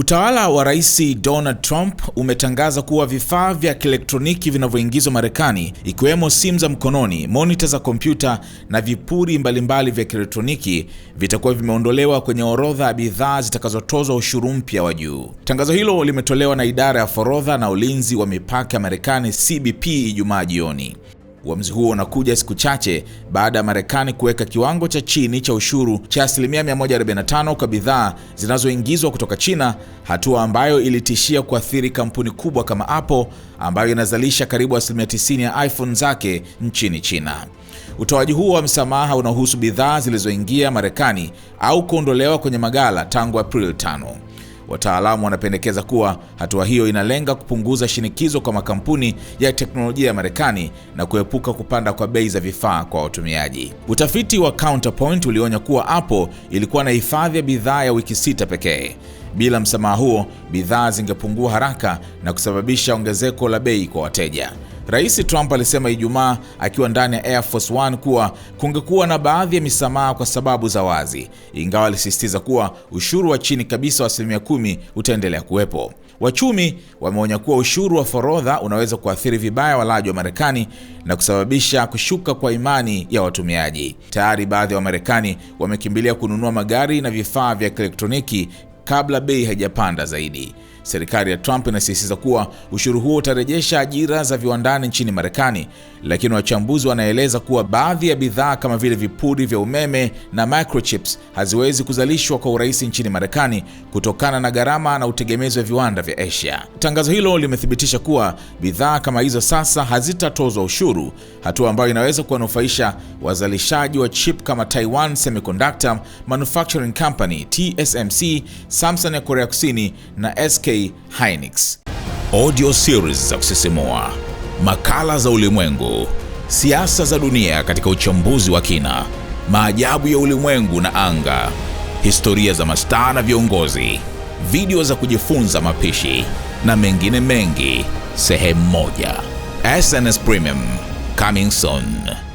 Utawala wa Rais Donald Trump umetangaza kuwa vifaa vya kielektroniki vinavyoingizwa Marekani ikiwemo simu za mkononi, monita za kompyuta na vipuri mbalimbali vya kielektroniki vitakuwa vimeondolewa kwenye orodha ya bidhaa zitakazotozwa ushuru mpya wa juu. Tangazo hilo limetolewa na idara ya forodha na ulinzi wa mipaka ya Marekani, CBP, Ijumaa jioni. Uamuzi huo unakuja siku chache baada ya Marekani kuweka kiwango cha chini cha ushuru cha asilimia 145 kwa bidhaa zinazoingizwa kutoka China, hatua ambayo ilitishia kuathiri kampuni kubwa kama Apple ambayo inazalisha karibu asilimia 90 ya iPhone zake nchini China. Utoaji huo wa msamaha unahusu bidhaa zilizoingia Marekani au kuondolewa kwenye magala tangu Aprili 5. Wataalamu wanapendekeza kuwa hatua hiyo inalenga kupunguza shinikizo kwa makampuni ya teknolojia ya Marekani na kuepuka kupanda kwa bei za vifaa kwa watumiaji. Utafiti wa Counterpoint ulionya kuwa Apple ilikuwa na hifadhi ya bidhaa ya wiki sita pekee. Bila msamaha huo, bidhaa zingepungua haraka na kusababisha ongezeko la bei kwa wateja. Rais Trump alisema Ijumaa akiwa ndani ya Air Force One kuwa kungekuwa na baadhi ya misamaha kwa sababu za wazi, ingawa alisisitiza kuwa ushuru wa chini kabisa wa asilimia kumi utaendelea kuwepo. Wachumi wameonya kuwa ushuru wa forodha unaweza kuathiri vibaya walaji wa Marekani na kusababisha kushuka kwa imani ya watumiaji. Tayari baadhi ya Wamarekani wamekimbilia kununua magari na vifaa vya kielektroniki kabla bei haijapanda zaidi. Serikali ya Trump inasisitiza kuwa ushuru huo utarejesha ajira za viwandani nchini Marekani, lakini wachambuzi wanaeleza kuwa baadhi ya bidhaa kama vile vipuri vya umeme na microchips haziwezi kuzalishwa kwa urahisi nchini Marekani kutokana na gharama na utegemezi wa viwanda vya Asia. Tangazo hilo limethibitisha kuwa bidhaa kama hizo sasa hazitatozwa ushuru, hatua ambayo inaweza kuwanufaisha wazalishaji wa chip kama Taiwan Semiconductor Manufacturing Company TSMC, Samsung ya Korea Kusini na SK Hynix. Audio series za kusisimua, makala za ulimwengu, siasa za dunia katika uchambuzi wa kina, maajabu ya ulimwengu na anga, historia za mastaa na viongozi, video za kujifunza mapishi na mengine mengi, sehemu moja. SNS Premium coming soon.